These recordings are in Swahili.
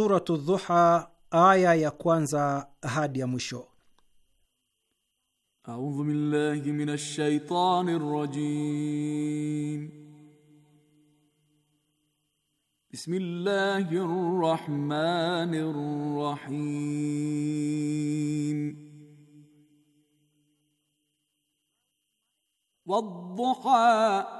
Suratu Dhuha aya ya kwanza hadi ya mwisho. A'udhu billahi minash shaitani rajim. Bismillahir rahmanir rahim. Wadduha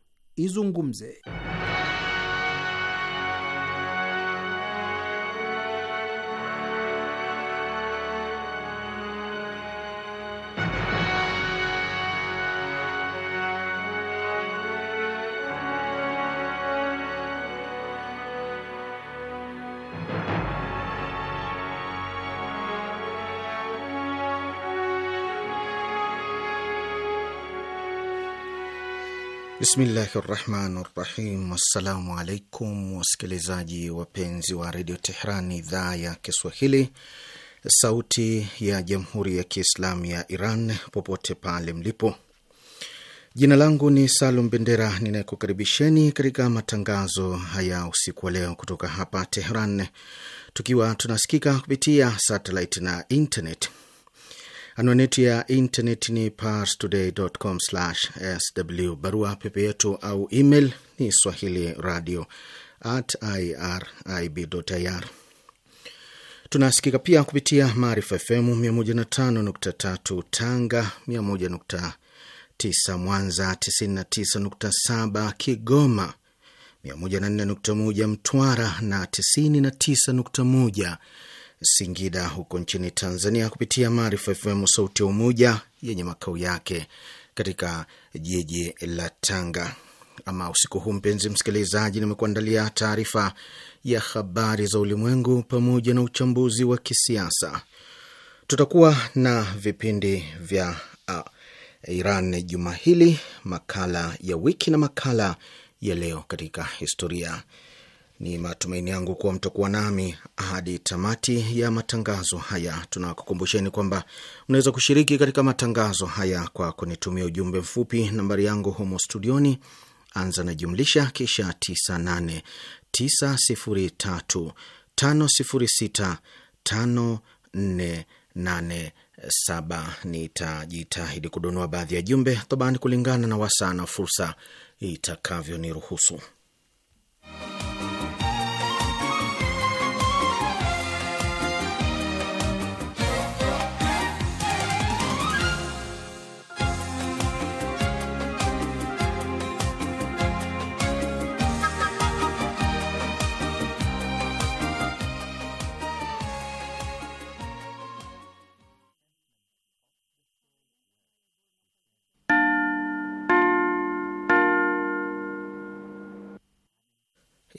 izungumze. Bismillahi rahmani rahim. Wassalamu alaikum wasikilizaji wapenzi wa redio Tehran, idhaa ya Kiswahili, sauti ya jamhuri ya kiislamu ya Iran, popote pale mlipo. Jina langu ni Salum Bendera ninayekukaribisheni katika matangazo haya usiku wa leo kutoka hapa Tehran, tukiwa tunasikika kupitia satelit na internet. Anwani ya intaneti ni parstoday.com/sw. Barua pepe yetu au email ni swahili radio at irib.ir. Tunasikika pia kupitia Maarifa FM 105.3 Tanga, 101.9 Mwanza, 99.7 Kigoma, 104.1 Mtwara na 99.1 Singida huko nchini Tanzania kupitia Maarifa FM sauti ya Umoja yenye makao yake katika jiji la Tanga. Ama usiku huu, mpenzi msikilizaji, nimekuandalia taarifa ya habari za ulimwengu pamoja na uchambuzi wa kisiasa. Tutakuwa na vipindi vya uh, Iran juma hili, makala ya wiki na makala ya leo katika historia. Ni matumaini yangu kuwa mtakuwa nami hadi tamati ya matangazo haya. Tunakukumbusheni kwamba unaweza kushiriki katika matangazo haya kwa kunitumia ujumbe mfupi. Nambari yangu humo studioni, anza na jumlisha kisha 989035065487. Nitajitahidi kudunua baadhi ya jumbe thabani kulingana na wasaa na fursa itakavyoniruhusu.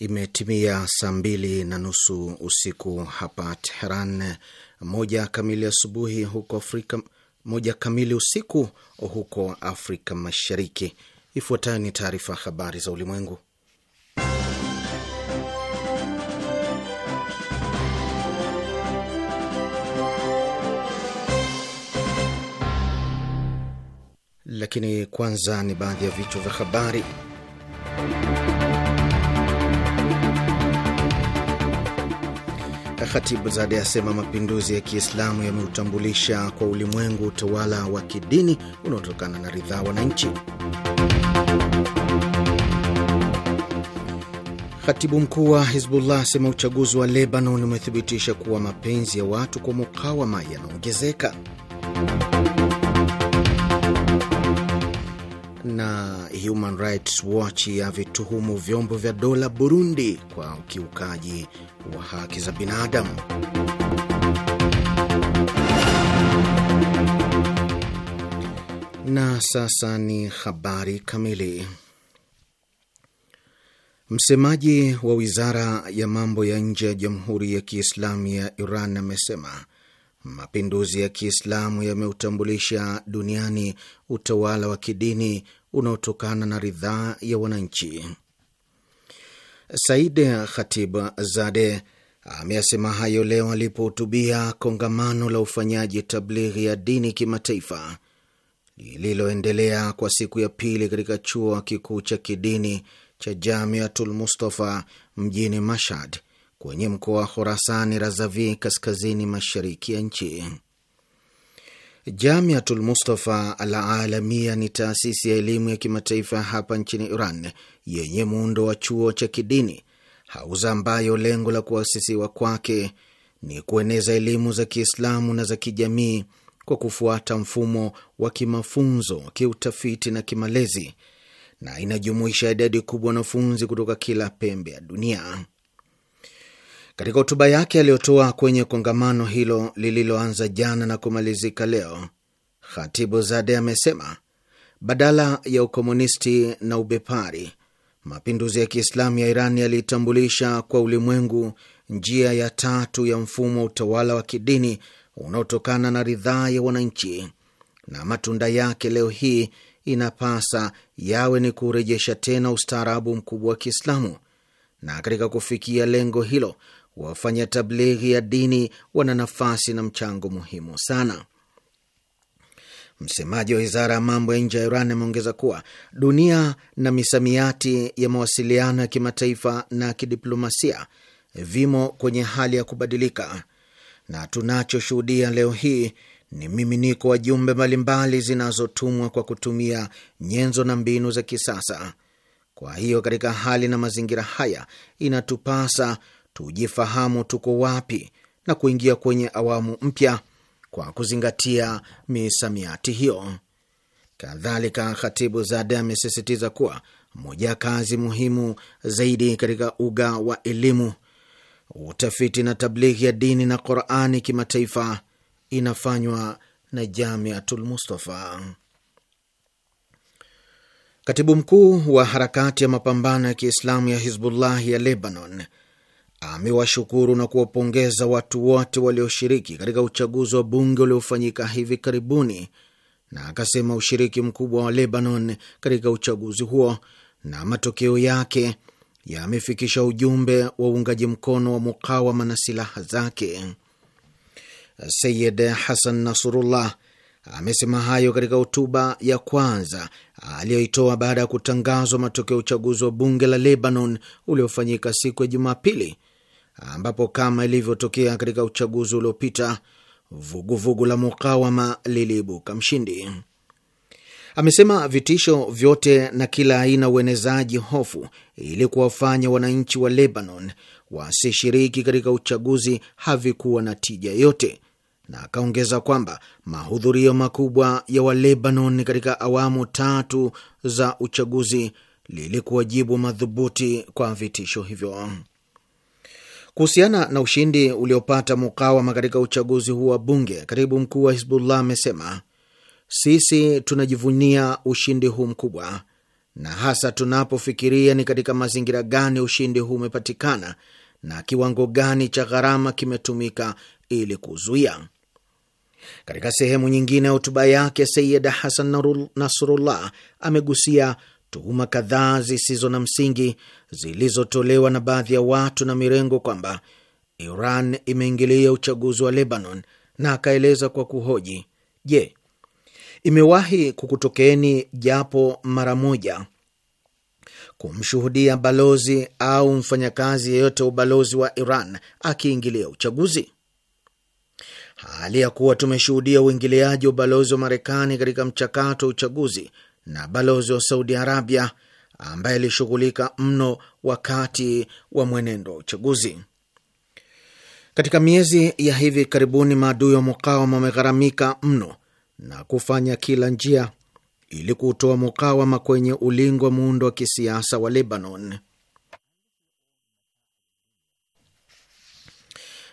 Imetimia saa mbili na nusu usiku hapa Teheran, moja kamili asubuhi huko Afrika, moja kamili usiku huko Afrika Mashariki. Ifuatayo ni taarifa habari za ulimwengu, lakini kwanza ni baadhi ya vichwa vya habari. Khatibu Zade asema mapinduzi ya Kiislamu yameutambulisha kwa ulimwengu utawala wa kidini unaotokana na ridhaa wananchi. Khatibu mkuu wa Hizbullah asema uchaguzi wa Lebanon umethibitisha kuwa mapenzi ya watu kwa mukawama yanaongezeka na Human Rights Watch yavituhumu vyombo vya dola Burundi kwa ukiukaji wa haki za binadamu. Na sasa ni habari kamili. Msemaji wa wizara ya mambo ya nje ya Jamhuri ya Kiislamu ya Iran amesema mapinduzi ya Kiislamu yameutambulisha duniani utawala wa kidini unaotokana na ridhaa ya wananchi. Said Khatib Zade ameyasema hayo leo alipohutubia kongamano la ufanyaji tablighi ya dini kimataifa lililoendelea kwa siku ya pili katika chuo kikuu cha kidini cha Jamiatul Mustafa mjini Mashhad kwenye mkoa wa Khorasani Razavi kaskazini mashariki ya nchi. Jamiatul Mustafa Al Alamia ni taasisi ya elimu ya kimataifa hapa nchini Iran yenye muundo wa chuo cha kidini hauza, ambayo lengo la kuasisiwa kwake ni kueneza elimu za Kiislamu na za kijamii kwa kufuata mfumo wa kimafunzo, kiutafiti na kimalezi, na inajumuisha idadi kubwa wanafunzi kutoka kila pembe ya dunia. Katika hotuba yake aliyotoa kwenye kongamano hilo lililoanza jana na kumalizika leo, Khatibu Zade amesema badala ya ukomunisti na ubepari, mapinduzi ya Kiislamu ya Iran yaliitambulisha kwa ulimwengu njia ya tatu ya mfumo wa utawala wa kidini unaotokana na ridhaa ya wananchi, na matunda yake leo hii inapasa yawe ni kurejesha tena ustaarabu mkubwa wa Kiislamu, na katika kufikia lengo hilo wafanya tablighi ya dini wana nafasi na mchango muhimu sana. Msemaji wa wizara ya mambo ya nje ya Iran ameongeza kuwa dunia na misamiati ya mawasiliano ya kimataifa na kidiplomasia vimo kwenye hali ya kubadilika, na tunachoshuhudia leo hii ni miminiko wa jumbe mbalimbali zinazotumwa kwa kutumia nyenzo na mbinu za kisasa. Kwa hiyo katika hali na mazingira haya, inatupasa tujifahamu tuko wapi na kuingia kwenye awamu mpya kwa kuzingatia misamiati hiyo. Kadhalika, Khatibu Zade amesisitiza kuwa moja ya kazi muhimu zaidi katika uga wa elimu, utafiti na tablighi ya dini na Qurani kimataifa inafanywa na Jamiatul Mustafa. Katibu mkuu wa harakati ya mapambano ya Kiislamu ya Hizbullah ya Lebanon amewashukuru na kuwapongeza watu wote walioshiriki katika uchaguzi wa bunge uliofanyika hivi karibuni, na akasema ushiriki mkubwa wa Lebanon katika uchaguzi huo na matokeo yake yamefikisha ujumbe wa uungaji mkono wa mukawama na silaha zake. Sayid Hasan Nasrullah amesema hayo katika hotuba ya kwanza aliyoitoa baada ya kutangazwa matokeo ya uchaguzi wa bunge la Lebanon uliofanyika siku ya Jumapili ambapo kama ilivyotokea katika uchaguzi uliopita vuguvugu la mukawama liliibuka mshindi. Amesema vitisho vyote na kila aina uenezaji hofu ili kuwafanya wananchi wa Lebanon wasishiriki katika uchaguzi havikuwa na tija yote na akaongeza kwamba mahudhurio makubwa ya Walebanon katika awamu tatu za uchaguzi lilikuwa jibu madhubuti kwa vitisho hivyo. Kuhusiana na ushindi uliopata mukawama katika uchaguzi huu wa bunge, katibu mkuu wa Hizbullah amesema sisi tunajivunia ushindi huu mkubwa, na hasa tunapofikiria ni katika mazingira gani ushindi huu umepatikana na kiwango gani cha gharama kimetumika ili kuzuia. Katika sehemu nyingine ya hotuba yake, Sayid Hasan Nasrullah amegusia tuhuma kadhaa zisizo na msingi zilizotolewa na baadhi ya watu na mirengo kwamba Iran imeingilia uchaguzi wa Lebanon, na akaeleza kwa kuhoji, je, imewahi kukutokeni japo mara moja kumshuhudia balozi au mfanyakazi yeyote wa ubalozi wa Iran akiingilia uchaguzi? Hali ya kuwa tumeshuhudia uingiliaji wa ubalozi wa Marekani katika mchakato wa uchaguzi na balozi wa Saudi Arabia ambaye alishughulika mno wakati wa mwenendo wa uchaguzi. Katika miezi ya hivi karibuni, maadui wa mukawama wamegharamika mno na kufanya kila njia ili kutoa mukawama kwenye ulingo wa muundo wa kisiasa wa Lebanon.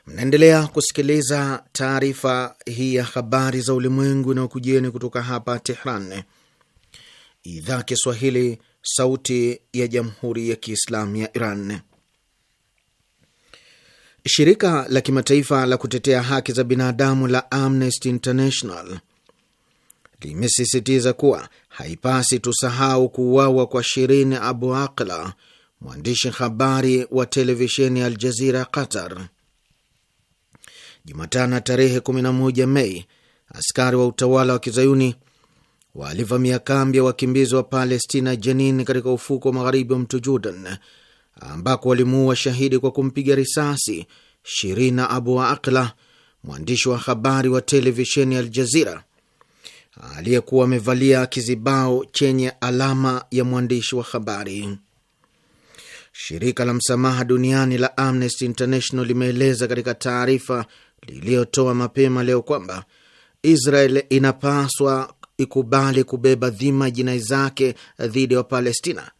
Mnaendelea kusikiliza taarifa hii ya habari za ulimwengu inayokujieni kutoka hapa Tehran, idhaa Kiswahili, sauti ya jamhuri ya kiislamu ya Iran. Shirika la kimataifa la kutetea haki za binadamu la Amnesty International limesisitiza kuwa haipasi tusahau kuuawa kwa Shirin Abu Akla, mwandishi habari wa televisheni ya Al Jazira Qatar. Jumatano tarehe 11 Mei, askari wa utawala wa kizayuni walivamia kambi ya wakimbizi wa Palestina Jenin katika ufuko wa magharibi wa mto Jordan, ambako walimuua shahidi kwa kumpiga risasi Shirina Abu Aqla, mwandishi wa habari wa televisheni ya Aljazira aliyekuwa amevalia kizibao chenye alama ya mwandishi wa habari. Shirika la msamaha duniani la Amnesty International limeeleza katika taarifa liliyotoa mapema leo kwamba Israel inapaswa ikubali kubeba dhima jinai zake dhidi ya Wapalestina,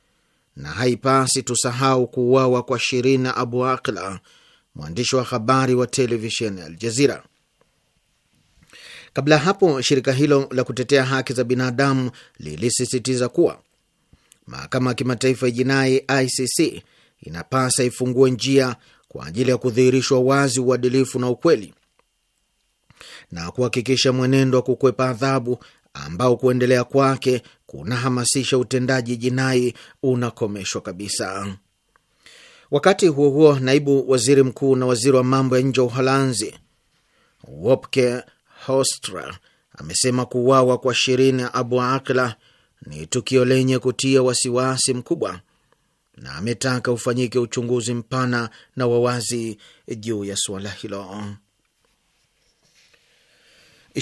na haipasi tusahau kuuawa kwa Shirina Abu Aqla, mwandishi wa habari wa televisheni Al Jazira. Kabla ya hapo, shirika hilo la kutetea haki za binadamu lilisisitiza kuwa mahakama ya kimataifa ya jinai ICC inapasa ifungue njia kwa ajili ya kudhihirishwa wazi uadilifu na ukweli na kuhakikisha mwenendo wa kukwepa adhabu ambao kuendelea kwake kunahamasisha utendaji jinai unakomeshwa kabisa. Wakati huo huo, naibu waziri mkuu na waziri wa mambo ya nje wa Uholanzi Wopke Hoekstra amesema kuuawa kwa Shirin Abu Akla ni tukio lenye kutia wasiwasi mkubwa na ametaka ufanyike uchunguzi mpana na wawazi juu ya suala hilo.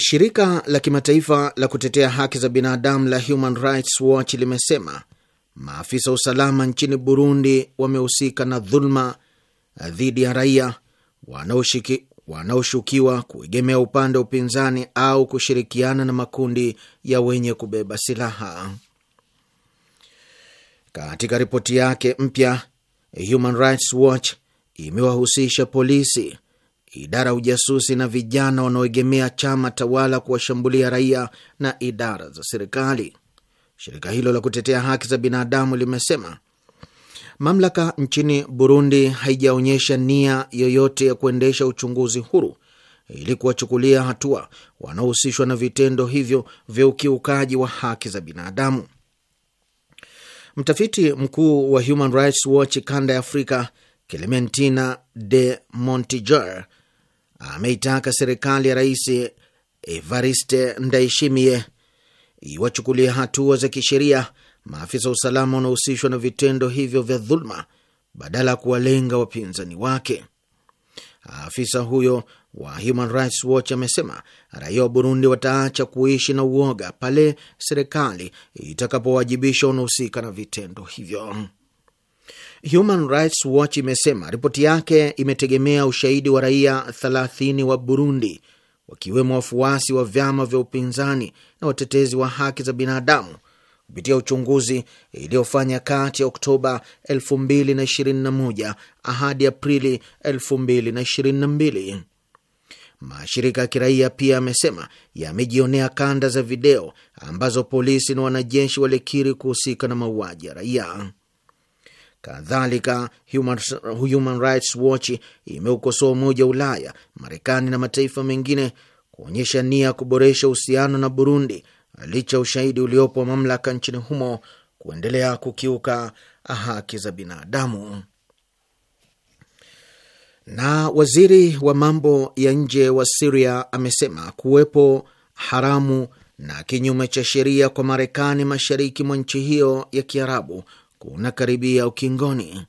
Shirika la kimataifa la kutetea haki za binadamu la Human Rights Watch limesema maafisa wa usalama nchini Burundi wamehusika na dhuluma dhidi ya raia wanaoshukiwa kuegemea upande wa upinzani au kushirikiana na makundi ya wenye kubeba silaha. Katika ripoti yake mpya, Human Rights Watch imewahusisha polisi idara ya ujasusi na vijana wanaoegemea chama tawala kuwashambulia raia na idara za serikali. Shirika hilo la kutetea haki za binadamu limesema mamlaka nchini Burundi haijaonyesha nia yoyote ya kuendesha uchunguzi huru ili kuwachukulia hatua wanaohusishwa na vitendo hivyo vya ukiukaji wa haki za binadamu. Mtafiti mkuu wa Human Rights Watch kanda ya Afrika Clementina de Montijar ameitaka serikali ya Rais Evariste Ndayishimiye iwachukulia hatua za kisheria maafisa wa usalama wanaohusishwa na vitendo hivyo vya dhuluma badala ya kuwalenga wapinzani wake. Afisa huyo wa Human Rights Watch amesema raia wa Burundi wataacha kuishi na uoga pale serikali itakapowajibisha wanaohusika na vitendo hivyo. Human Rights Watch imesema ripoti yake imetegemea ushahidi wa raia 30 wa Burundi, wakiwemo wafuasi wa vyama vya upinzani na watetezi wa haki za binadamu kupitia uchunguzi iliyofanya kati ya Oktoba 2021 hadi Aprili 2022. Mashirika ya kiraia pia yamesema yamejionea kanda za video ambazo polisi na wanajeshi walikiri kuhusika na mauaji ya raia. Kadhalika, Human, Human Rights Watch imeukosoa Umoja wa Ulaya, Marekani na mataifa mengine kuonyesha nia ya kuboresha uhusiano na Burundi licha ya ushahidi uliopo wa mamlaka nchini humo kuendelea kukiuka haki za binadamu. Na waziri wa mambo ya nje wa Siria amesema kuwepo haramu na kinyume cha sheria kwa Marekani mashariki mwa nchi hiyo ya Kiarabu kunakaribia ukingoni.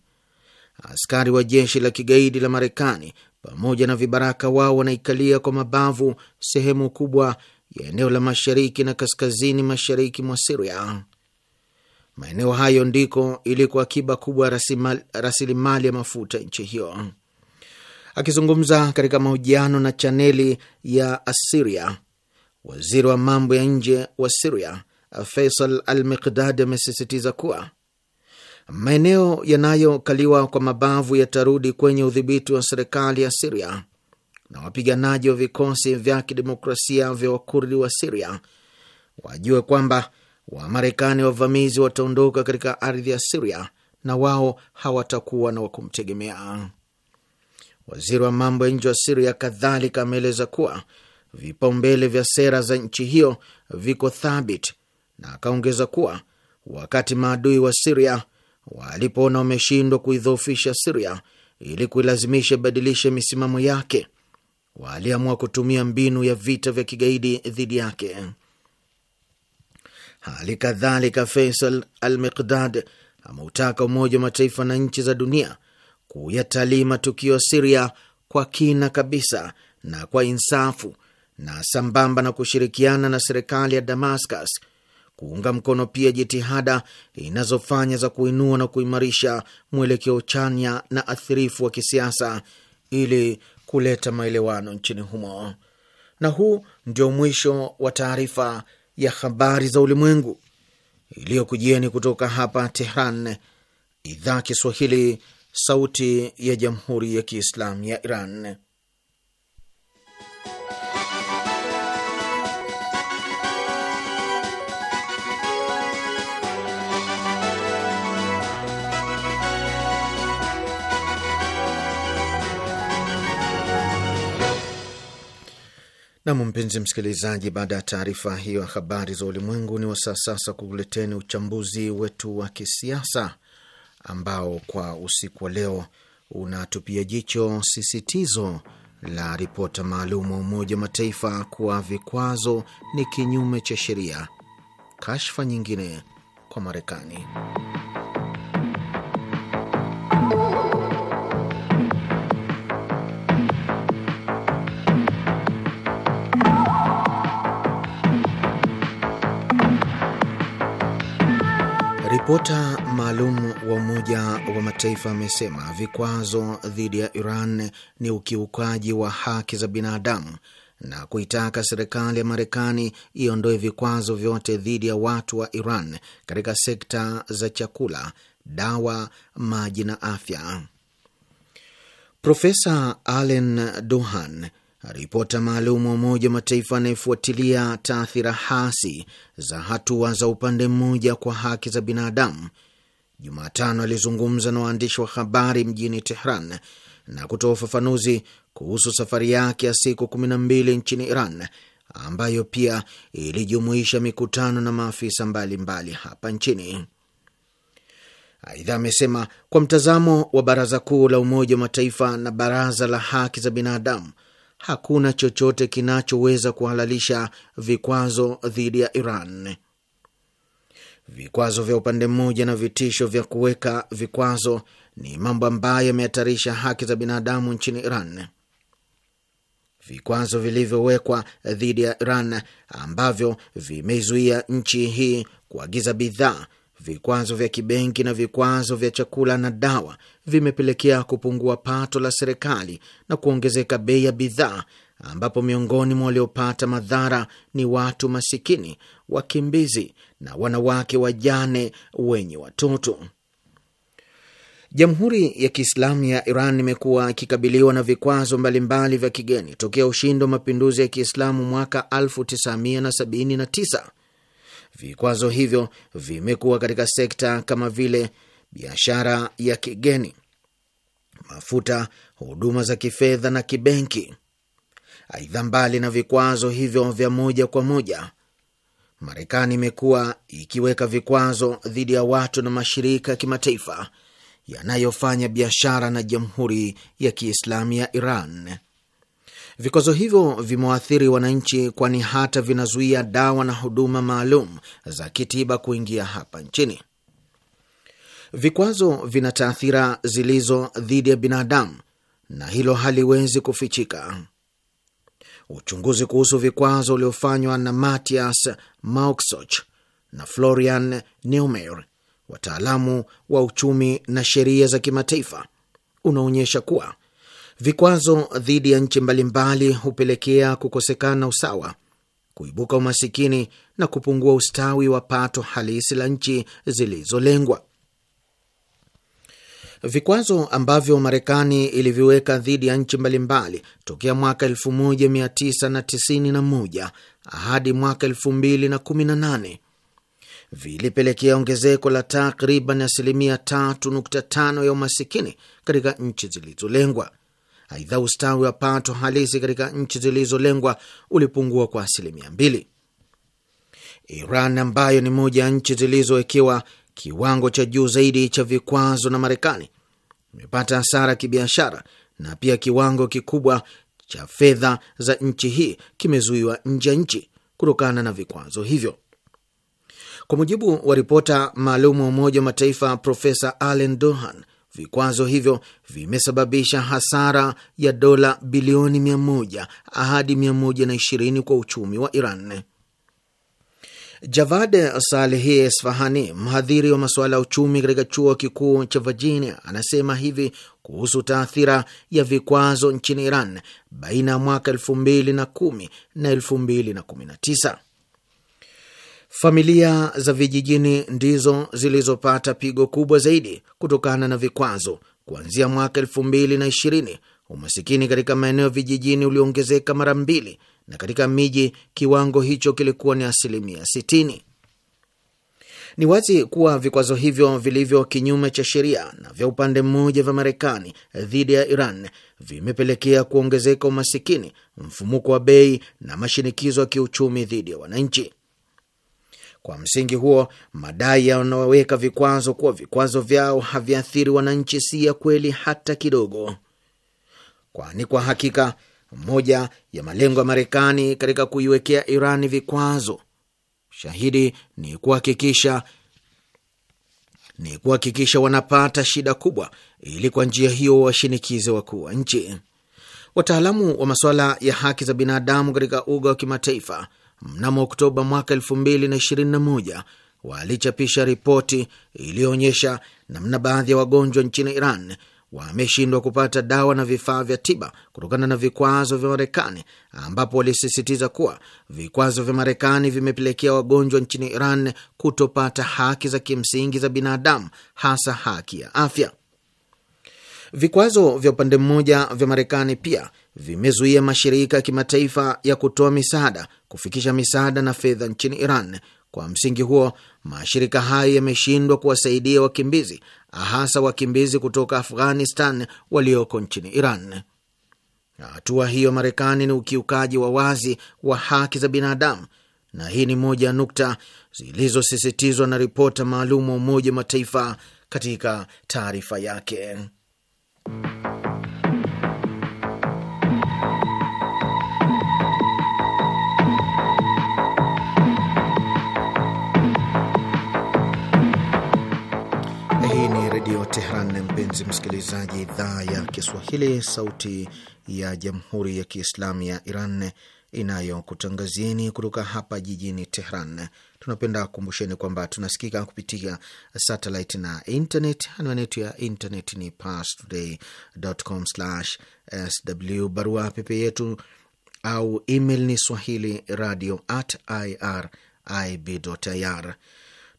Askari wa jeshi la kigaidi la Marekani pamoja na vibaraka wao wanaikalia kwa mabavu sehemu kubwa ya eneo la mashariki na kaskazini mashariki mwa Siria. Maeneo hayo ndiko iliko akiba kubwa ya rasilimali ya mafuta nchi hiyo. Akizungumza katika mahojiano na chaneli ya Asiria, waziri wa mambo ya nje wa Siria Faisal Al Miqdad amesisitiza kuwa maeneo yanayokaliwa kwa mabavu yatarudi kwenye udhibiti wa serikali ya Siria na wapiganaji wa vikosi vya kidemokrasia vya Wakurdi wa Siria wajue kwamba Wamarekani wavamizi wataondoka katika ardhi ya Siria na wao hawatakuwa na wakumtegemea. Waziri wa mambo ya nje wa Siria kadhalika ameeleza kuwa vipaumbele vya sera za nchi hiyo viko thabiti, na akaongeza kuwa wakati maadui wa Siria walipoona wameshindwa kuidhoofisha Siria ili kuilazimisha ibadilishe misimamo yake, waliamua kutumia mbinu ya vita vya kigaidi dhidi yake. Hali kadhalika, Faisal Al Miqdad ameutaka Umoja wa Mataifa na nchi za dunia kuyatalii matukio ya Siria kwa kina kabisa na kwa insafu na sambamba na kushirikiana na serikali ya Damascus kuunga mkono pia jitihada inazofanya za kuinua na kuimarisha mwelekeo chanya na athirifu wa kisiasa ili kuleta maelewano nchini humo. Na huu ndio mwisho wa taarifa ya habari za ulimwengu iliyokujieni kutoka hapa Tehran, idhaa Kiswahili, sauti ya jamhuri ya kiislamu ya Iran. Nam, mpenzi msikilizaji, baada ya taarifa hiyo ya habari za ulimwengu, ni wasaa sasa kukuleteni uchambuzi wetu wa kisiasa ambao kwa usiku wa leo unatupia jicho sisitizo la ripota maalum wa Umoja wa Mataifa kuwa vikwazo ni kinyume cha sheria, kashfa nyingine kwa Marekani. Ripota maalum wa Umoja wa Mataifa amesema vikwazo dhidi ya Iran ni ukiukaji wa haki za binadamu na kuitaka serikali ya Marekani iondoe vikwazo vyote dhidi ya watu wa Iran katika sekta za chakula, dawa, maji na afya. Profesa Allen Duhan Ripota maalum wa Umoja wa Mataifa anayefuatilia taathira hasi za hatua za upande mmoja kwa haki za binadamu, Jumatano alizungumza na waandishi wa habari mjini Tehran na kutoa ufafanuzi kuhusu safari yake ya siku kumi na mbili nchini Iran ambayo pia ilijumuisha mikutano na maafisa mbalimbali mbali hapa nchini. Aidha amesema kwa mtazamo wa Baraza Kuu la Umoja wa Mataifa na Baraza la Haki za Binadamu hakuna chochote kinachoweza kuhalalisha vikwazo dhidi ya Iran. Vikwazo vya upande mmoja na vitisho vya kuweka vikwazo ni mambo ambayo yamehatarisha haki za binadamu nchini Iran. Vikwazo vilivyowekwa dhidi ya Iran ambavyo vimeizuia nchi hii kuagiza bidhaa, vikwazo vya kibenki na vikwazo vya chakula na dawa vimepelekea kupungua pato la serikali na kuongezeka bei ya bidhaa, ambapo miongoni mwa waliopata madhara ni watu masikini, wakimbizi na wanawake wajane wenye watoto. Jamhuri ya Kiislamu ya Iran imekuwa ikikabiliwa na vikwazo mbalimbali vya kigeni tokea ushindi wa mapinduzi ya Kiislamu mwaka 1979. Vikwazo hivyo vimekuwa katika sekta kama vile biashara ya kigeni, mafuta, huduma za kifedha na kibenki. Aidha, mbali na vikwazo hivyo vya moja kwa moja, Marekani imekuwa ikiweka vikwazo dhidi ya watu na mashirika ya kimataifa yanayofanya biashara na Jamhuri ya Kiislamu ya Iran. Vikwazo hivyo vimewaathiri wananchi, kwani hata vinazuia dawa na huduma maalum za kitiba kuingia hapa nchini. Vikwazo vina taathira zilizo dhidi ya binadamu na hilo haliwezi kufichika. Uchunguzi kuhusu vikwazo uliofanywa na Matias Mauksoch na Florian Neumayer, wataalamu wa uchumi na sheria za kimataifa, unaonyesha kuwa vikwazo dhidi ya nchi mbalimbali hupelekea kukosekana usawa, kuibuka umasikini na kupungua ustawi wa pato halisi la nchi zilizolengwa. Vikwazo ambavyo Marekani iliviweka dhidi ya nchi mbalimbali tokea mwaka 1991 hadi mwaka 2018 vilipelekea ongezeko la takriban asilimia 3.5 ya umasikini katika nchi zilizolengwa. Aidha, ustawi wa pato halisi katika nchi zilizolengwa ulipungua kwa asilimia 2 Iran ambayo ni moja ya nchi zilizowekewa kiwango cha juu zaidi cha vikwazo na Marekani imepata hasara ya kibiashara na pia kiwango kikubwa cha fedha za nchi hii kimezuiwa nje ya nchi kutokana na vikwazo hivyo. Kwa mujibu wa ripota maalum wa Umoja wa Mataifa Profesa Allen Dohan, vikwazo hivyo vimesababisha hasara ya dola bilioni 100 hadi 120 kwa uchumi wa Iran. Javad Salehi Esfahani, mhadhiri wa masuala ya uchumi katika chuo kikuu cha Virginia, anasema hivi kuhusu taathira ya vikwazo nchini Iran baina ya mwaka elfu mbili na kumi na elfu mbili na kumi na tisa Familia za vijijini ndizo zilizopata pigo kubwa zaidi kutokana na vikwazo kuanzia mwaka elfu mbili na ishirini Umasikini katika maeneo vijijini uliongezeka mara mbili, na katika miji kiwango hicho kilikuwa ni asilimia 60. Ni wazi kuwa vikwazo hivyo vilivyo kinyume cha sheria na vya upande mmoja vya Marekani dhidi ya Iran vimepelekea kuongezeka umasikini, mfumuko wa bei na mashinikizo ya kiuchumi dhidi ya wananchi. Kwa msingi huo, madai yanayoweka vikwazo kuwa vikwazo vyao haviathiri wananchi si ya kweli hata kidogo kwani kwa hakika moja ya malengo ya Marekani katika kuiwekea Iran vikwazo shahidi ni kuhakikisha ni kuhakikisha wanapata shida kubwa, ili kwa njia hiyo washinikize wakuu wa nchi. Wataalamu wa masuala ya haki za binadamu katika uga wa kimataifa mnamo Oktoba mwaka 2021 walichapisha ripoti iliyoonyesha namna baadhi ya wagonjwa nchini Iran wameshindwa kupata dawa na vifaa vya tiba kutokana na vikwazo vya Marekani, ambapo walisisitiza kuwa vikwazo vya Marekani vimepelekea wagonjwa nchini Iran kutopata haki za kimsingi za binadamu, hasa haki ya afya. Vikwazo vya upande mmoja vya Marekani pia vimezuia mashirika ya kimataifa ya kutoa misaada kufikisha misaada na fedha nchini Iran kwa msingi huo, mashirika hayo yameshindwa kuwasaidia wakimbizi, hasa wakimbizi kutoka Afghanistan walioko nchini Iran. Hatua hiyo Marekani ni ukiukaji wa wazi wa haki za binadamu, na hii ni moja ya nukta zilizosisitizwa na ripota maalum wa Umoja wa Mataifa katika taarifa yake. Tehran. Mpenzi msikilizaji, idhaa ya Kiswahili, sauti ya jamhuri ya Kiislamu ya Iran inayokutangazieni kutoka hapa jijini Tehran. Tunapenda kukumbusheni kwamba tunasikika kupitia satellite na internet. Anwani yetu ya internet ni parstoday.com/sw. Barua pepe yetu au email ni swahili radio at irib.ir.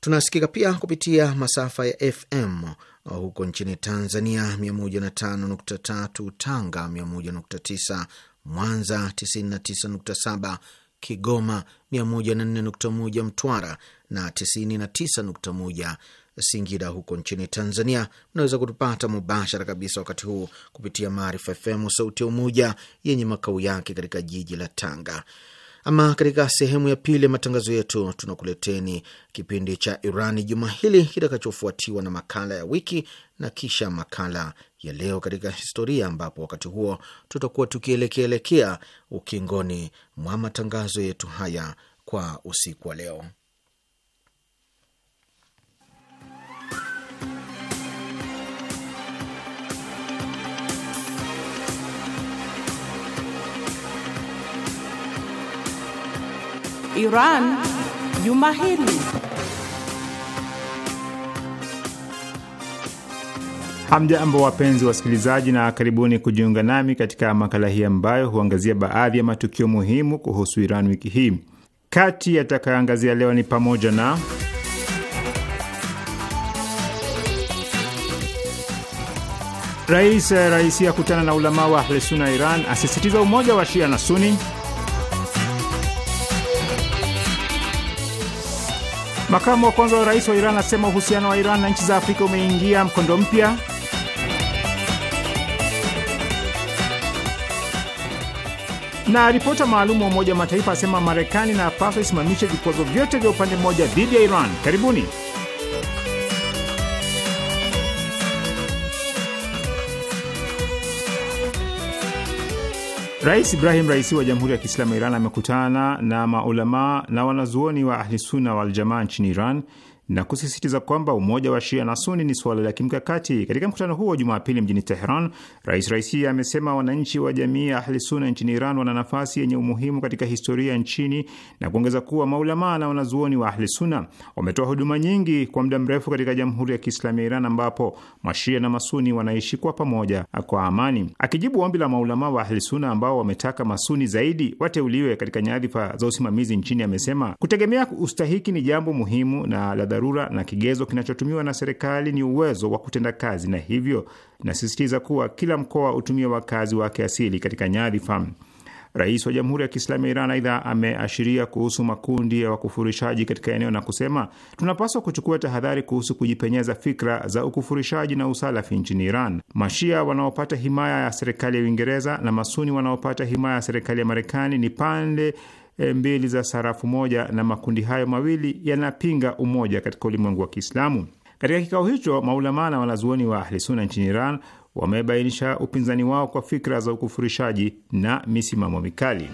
Tunasikika pia kupitia masafa ya FM huko nchini Tanzania 105.3, Tanga 101.9, Mwanza 99.7, Kigoma 104.1, Mtwara na 99.1 Singida huko nchini Tanzania. Mnaweza kutupata mubashara kabisa wakati huu kupitia Maarifa FM sauti ya Umoja yenye makao yake katika jiji la Tanga. Ama katika sehemu ya pili ya matangazo yetu tunakuleteni kipindi cha Irani juma hili kitakachofuatiwa na makala ya wiki na kisha makala ya leo katika historia, ambapo wakati huo tutakuwa tukielekeelekea ukingoni mwa matangazo yetu haya kwa usiku wa leo. Iran juma hili. Hamjambo, wapenzi wasikilizaji, na karibuni kujiunga nami katika makala hii ambayo huangazia baadhi ya matukio muhimu kuhusu Iran wiki hii. Kati yatakayoangazia leo ni pamoja na Rais Raisi akutana na ulamaa wa Ahlesuna Iran, asisitiza umoja wa Shia na Suni. Makamu wa kwanza wa rais wa Iran anasema uhusiano wa Iran na nchi za Afrika umeingia mkondo mpya. Na ripota maalum wa Umoja wa Mataifa asema Marekani na paswa isimamishe vikwazo vyote vya upande mmoja dhidi ya Iran. Karibuni. Rais Ibrahim Raisi wa Jamhuri ya Kiislamu ya Iran amekutana na maulamaa na wanazuoni wa Ahlisunna Waljamaa nchini Iran na kusisitiza kwamba umoja wa Shia na Suni ni suala la kimkakati. Katika mkutano huo Jumapili mjini Teheran, Rais Raisi amesema wananchi wa jamii ya Ahli Suna nchini Iran wana nafasi yenye umuhimu katika historia nchini na kuongeza kuwa maulamaa na wanazuoni wa Ahli Suna wametoa huduma nyingi kwa muda mrefu katika Jamhuri ya Kiislamu ya Iran ambapo Mashia na Masuni wanaishi kwa pamoja kwa amani. Akijibu ombi la maulamaa wa Ahli Suna ambao wametaka Masuni zaidi wateuliwe katika nyadhifa za usimamizi nchini, amesema kutegemea ustahiki ni jambo muhimu na la dharura, na kigezo kinachotumiwa na serikali ni uwezo wa kutenda kazi, na hivyo nasisitiza kuwa kila mkoa utumie wakazi wake asili katika nyadhifa. Rais wa Jamhuri ya Kiislamu ya Iran aidha ameashiria kuhusu makundi ya wakufurishaji katika eneo na kusema, tunapaswa kuchukua tahadhari kuhusu kujipenyeza fikra za ukufurishaji na usalafi nchini Iran. Mashia wanaopata himaya ya serikali ya Uingereza na masuni wanaopata himaya ya serikali ya Marekani ni pande E, mbili za sarafu moja na makundi hayo mawili yanapinga umoja katika ulimwengu wa Kiislamu. Katika kikao hicho, maulamaa na wanazuoni wa Ahlisuna nchini Iran wamebainisha upinzani wao kwa fikra za ukufurishaji na misimamo mikali.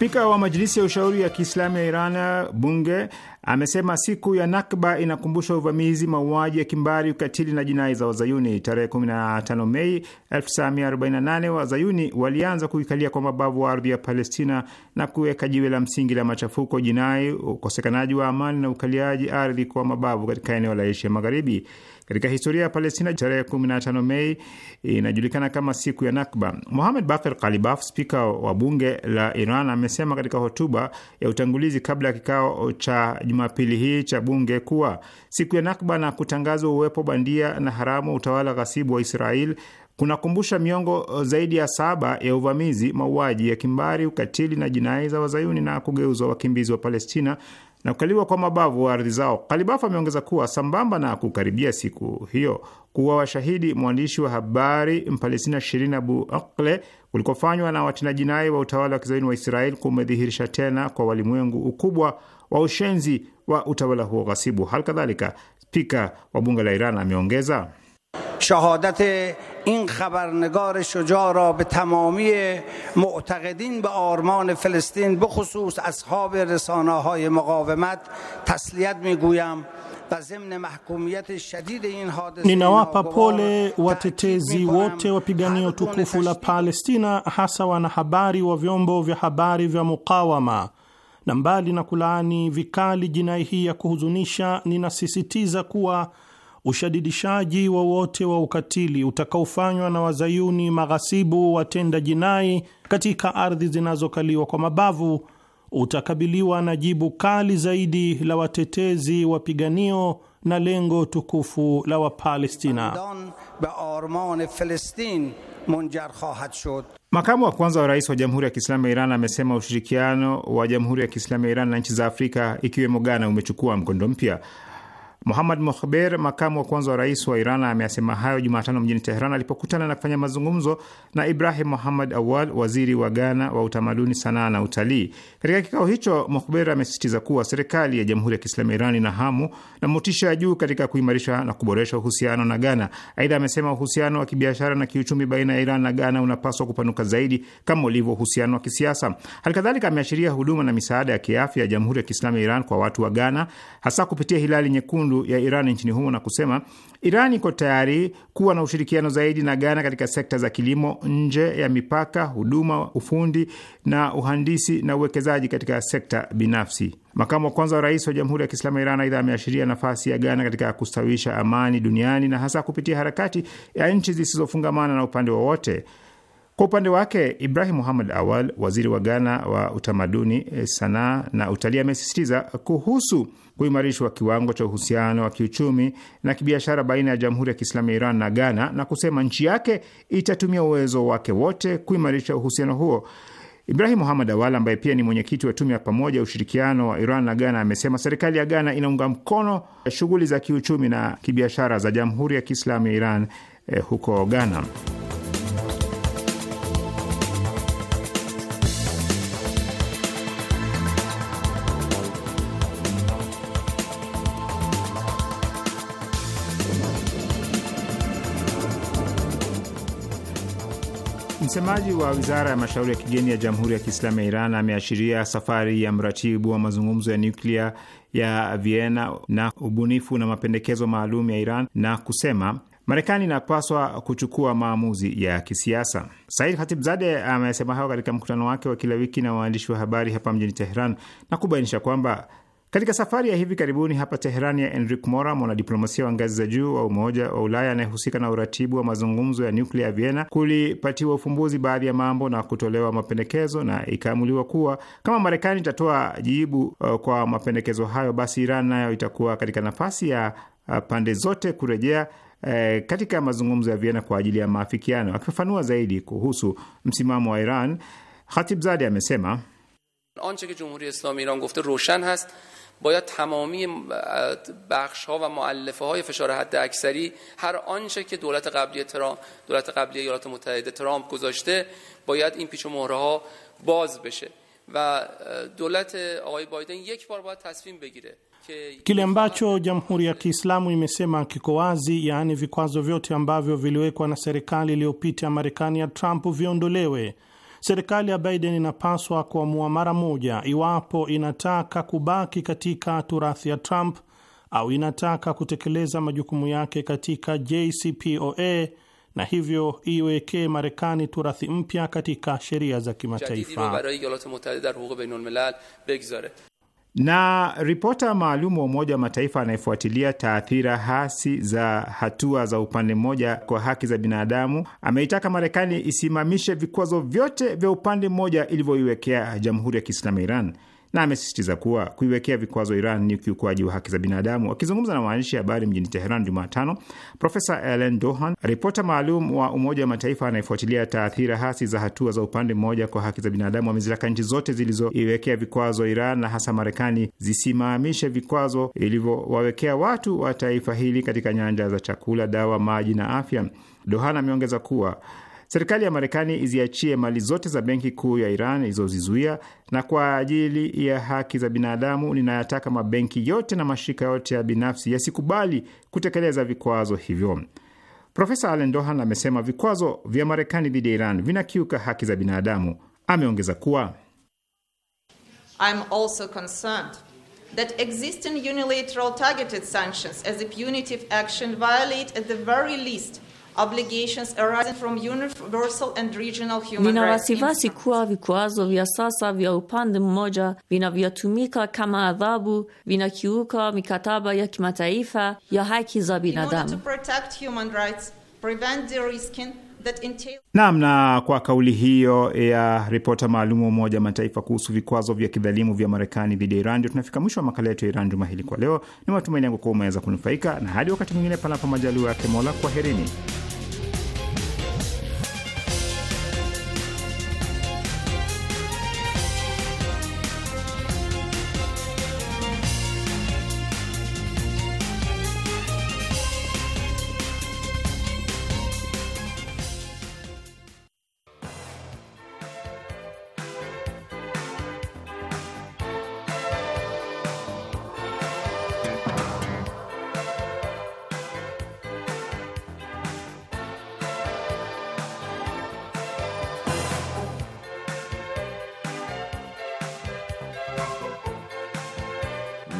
Spika wa Majlisi ya Ushauri ya Kiislamu ya Iran, bunge amesema siku ya Nakba inakumbusha uvamizi, mauaji ya kimbari, ukatili na jinai za Wazayuni. Tarehe 15 Mei 1948 Wazayuni walianza kuikalia kwa mabavu ardhi ya Palestina na kuweka jiwe la msingi la machafuko, jinai, ukosekanaji wa amani na ukaliaji ardhi kwa mabavu katika eneo la Asia Magharibi. Katika historia ya Palestina, tarehe 15 Mei inajulikana kama siku ya Nakba. Mohamed Bakir Kalibaf, spika wa bunge la Iran, amesema katika hotuba ya utangulizi kabla ya kikao cha Jumapili hii cha bunge kuwa siku ya Nakba na kutangazwa uwepo bandia na haramu utawala ghasibu wa Israel kunakumbusha miongo uh, zaidi ya saba ya uvamizi, mauaji ya kimbari, ukatili na jinai za wazayuni na kugeuzwa wakimbizi wa Palestina na kukaliwa kwa mabavu wa ardhi zao. Kalibaf ameongeza kuwa sambamba na kukaribia siku hiyo kuwa washahidi mwandishi wa habari Mpalestina Shirin Abu Akle kulikofanywa na watendajinai wa utawala wa kizayuni wa Israel kumedhihirisha tena kwa walimwengu ukubwa wa ushenzi و utawala huo ghasibu hal kadhalika spika wa bunge la ایران ameongeza شهادت این خبرنگار شجاع را به تمامی معتقدین به آرمان فلسطین به خصوص اصحاب رسانه های مقاومت تسلیت می گویم و ضمن محکومیت شدید این حادثه نینا و پاپول و تتزی و ته و پیگانی و تکوفو لپالستین حسوان حباری و ویومبو و حباری و مقاومت na mbali na kulaani vikali jinai hii ya kuhuzunisha, ninasisitiza kuwa ushadidishaji wowote wa, wa ukatili utakaofanywa na wazayuni maghasibu watenda jinai katika ardhi zinazokaliwa kwa mabavu utakabiliwa na jibu kali zaidi la watetezi wapiganio na lengo tukufu la Wapalestina. Makamu wa kwanza wa rais wa Jamhuri ya Kiislamu ya Iran amesema ushirikiano wa Jamhuri ya Kiislamu ya Iran na nchi za Afrika ikiwemo Ghana umechukua mkondo mpya. Muhammad Mohber, makamu wa kwanza wa rais wa Iran, ameasema hayo Jumatano mjini Teheran alipokutana na kufanya mazungumzo na Ibrahim Muhammad Awad, waziri wa Ghana wa utamaduni, sanaa na utalii. Katika kikao hicho, Mohber amesisitiza kuwa serikali ya Jamhuri ya Kiislamu ya Iran ina hamu na motisha ya juu katika kuimarisha na kuboresha uhusiano na Ghana. Aidha, amesema uhusiano wa kibiashara na kiuchumi baina ya Iran na Ghana unapaswa kupanuka zaidi kama ulivyo uhusiano wa kisiasa. Halikadhalika, ameashiria huduma na misaada ya kiafya ya Jamhuri ya Kiislamu ya Iran kwa watu wa Ghana, hasa kupitia Hilali Nyekundu nyekundu ya Iran nchini humo na kusema Iran iko tayari kuwa na ushirikiano zaidi na Ghana katika sekta za kilimo nje ya mipaka, huduma, ufundi na uhandisi na uwekezaji katika sekta binafsi. Makamu wa kwanza wa rais wa Jamhuri ya Kiislamu ya Iran aidha ameashiria nafasi ya Ghana katika kustawisha amani duniani na hasa kupitia harakati ya nchi zisizofungamana na upande wowote. Kwa upande wake Ibrahim Muhammad Awal, waziri wa Ghana wa utamaduni, sanaa na utalii, amesisitiza kuhusu kuimarishwa kiwango cha uhusiano wa kiuchumi na kibiashara baina ya Jamhuri ya Kiislamu ya Iran na Ghana na kusema nchi yake itatumia uwezo wake wote kuimarisha uhusiano huo. Ibrahim Muhammad Awala ambaye pia ni mwenyekiti wa tume ya pamoja ya ushirikiano wa Iran na Ghana amesema serikali ya Ghana inaunga mkono eh, shughuli za kiuchumi na kibiashara za Jamhuri ya Kiislamu ya Iran eh, huko Ghana. Msemaji wa wizara ya mashauri ya kigeni ya Jamhuri ya Kiislamu ya Iran ameashiria safari ya mratibu wa mazungumzo ya nyuklia ya Vienna na ubunifu na mapendekezo maalum ya Iran na kusema Marekani inapaswa kuchukua maamuzi ya kisiasa. Said Khatibzade amesema hayo katika mkutano wake wa kila wiki na waandishi wa habari hapa mjini Teheran na kubainisha kwamba katika safari ya hivi karibuni hapa Teheran ya Enric Mora, mwanadiplomasia wa ngazi za juu wa Umoja wa Ulaya anayehusika na uratibu wa mazungumzo ya nyuklia ya Vienna, kulipatiwa ufumbuzi baadhi ya mambo na kutolewa mapendekezo, na ikaamuliwa kuwa kama Marekani itatoa jibu uh, kwa mapendekezo hayo, basi Iran nayo itakuwa katika nafasi ya uh, pande zote kurejea E, katika mazungumzo ya Vienna kwa ajili ya maafikiano. Akifafanua zaidi kuhusu msimamo wa Iran, Khatibzadeh amesema باید تمامی بخش ها و معلفه های فشار حد اکثری هر آنچه که دولت قبلی ترامپ دولت قبلی ایالات متحده ترامپ گذاشته باید این پیچ و مهره ها باز بشه و دولت آقای بایدن یک بار باید تصمیم بگیره Kile ambacho Jamhuri ya Kiislamu imesema kiko wazi, yaani vikwazo vyote ambavyo viliwekwa na serikali iliyopita ya Marekani ya Trump viondolewe Serikali ya Biden inapaswa kuamua mara moja iwapo inataka kubaki katika turathi ya Trump au inataka kutekeleza majukumu yake katika JCPOA na hivyo iwekee Marekani turathi mpya katika sheria za kimataifa na ripota maalum wa Umoja wa Mataifa anayefuatilia taathira hasi za hatua za upande mmoja kwa haki za binadamu ameitaka Marekani isimamishe vikwazo vyote vya upande mmoja ilivyoiwekea Jamhuri ya Kiislamu ya Iran na amesisitiza kuwa kuiwekea vikwazo Iran ni ukiukwaji wa haki za binadamu. Akizungumza na waandishi habari mjini Teheran Jumatano, Profesa Ellen Dohan, ripota maalum wa Umoja wa Mataifa anayefuatilia taathira hasi za hatua za upande mmoja kwa haki za binadamu, amezitaka nchi zote zilizoiwekea vikwazo Iran na hasa Marekani zisimamishe vikwazo ilivyowawekea watu wa taifa hili katika nyanja za chakula, dawa, maji na afya. Dohan ameongeza kuwa Serikali ya Marekani iziachie mali zote za benki kuu ya Iran ilizozizuia, na kwa ajili ya haki za binadamu ninayataka mabenki yote na mashirika yote ya binafsi yasikubali kutekeleza vikwazo hivyo. Profesa Alen Dohan amesema vikwazo vya Marekani dhidi ya Iran vinakiuka haki za binadamu. Ameongeza kuwa I'm also concerned that existing unilateral targeted sanctions as a punitive action violate at the very least Vina wasiwasi kuwa vikwazo vya sasa vya upande mmoja vinavyotumika kama adhabu vinakiuka mikataba ya kimataifa ya haki za binadamu. Naam, na kwa kauli hiyo ya ripota maalumu wa Umoja wa Mataifa kuhusu vikwazo vya kidhalimu vya Marekani dhidi ya Iran, ndio tunafika mwisho wa makala yetu ya Iran juma hili. Kwa leo, ni matumaini yangu kuwa umeweza kunufaika, na hadi wakati mwingine, panapo majaliwa yake Mola, kwaherini.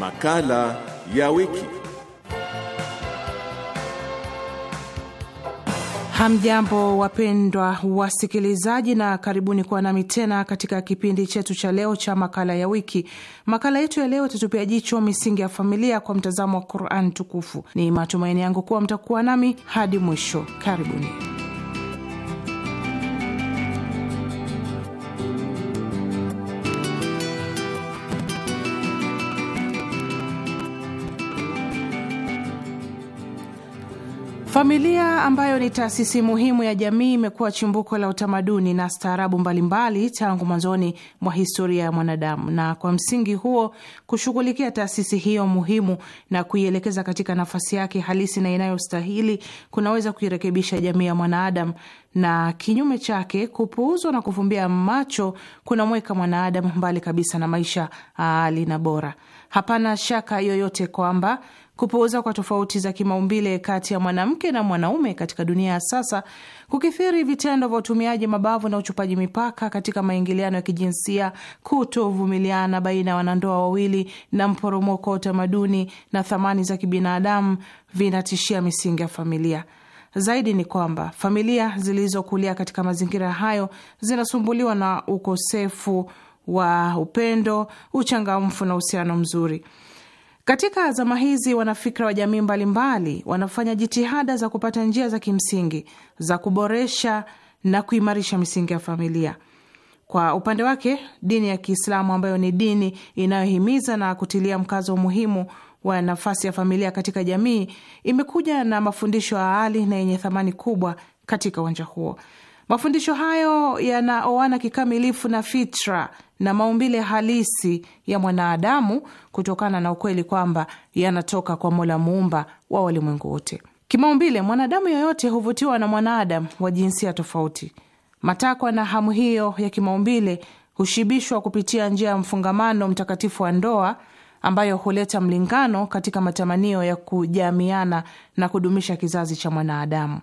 Makala ya wiki. Hamjambo wapendwa wasikilizaji, na karibuni kuwa nami tena katika kipindi chetu cha leo cha makala ya wiki. Makala yetu ya leo itatupia jicho misingi ya familia kwa mtazamo wa Qur'an tukufu. Ni matumaini yangu kuwa mtakuwa nami hadi mwisho. Karibuni. Familia ambayo ni taasisi muhimu ya jamii imekuwa chimbuko la utamaduni na staarabu mbalimbali tangu mwanzoni mwa historia ya mwanadamu, na kwa msingi huo kushughulikia taasisi hiyo muhimu na kuielekeza katika nafasi yake halisi na inayostahili kunaweza kuirekebisha jamii ya mwanadamu, na kinyume chake kupuuzwa na kufumbia macho kunamweka mwanadamu mbali kabisa na maisha aali ah, na bora. Hapana shaka yoyote kwamba kupuuza kwa tofauti za kimaumbile kati ya mwanamke na mwanaume katika dunia ya sasa, kukithiri vitendo vya utumiaji mabavu na uchupaji mipaka katika maingiliano ya kijinsia, kutovumiliana baina ya wanandoa wawili na mporomoko wa utamaduni na thamani za kibinadamu vinatishia misingi ya familia. Zaidi ni kwamba familia zilizokulia katika mazingira hayo zinasumbuliwa na ukosefu wa upendo, uchangamfu na uhusiano mzuri. Katika zama hizi wanafikra wa jamii mbalimbali wanafanya jitihada za kupata njia za kimsingi za kuboresha na kuimarisha misingi ya familia. Kwa upande wake, dini ya Kiislamu ambayo ni dini inayohimiza na kutilia mkazo umuhimu wa nafasi ya familia katika jamii, imekuja na mafundisho ya ali na yenye thamani kubwa katika uwanja huo. Mafundisho hayo yanaoana kikamilifu na fitra na maumbile halisi ya mwanadamu kutokana na ukweli kwamba yanatoka kwa Mola muumba wa walimwengu wote. Kimaumbile, mwanadamu yoyote huvutiwa na mwanadamu wa jinsia tofauti. Matakwa na hamu hiyo ya kimaumbile hushibishwa kupitia njia ya mfungamano mtakatifu wa ndoa ambayo huleta mlingano katika matamanio ya kujamiana na kudumisha kizazi cha mwanadamu.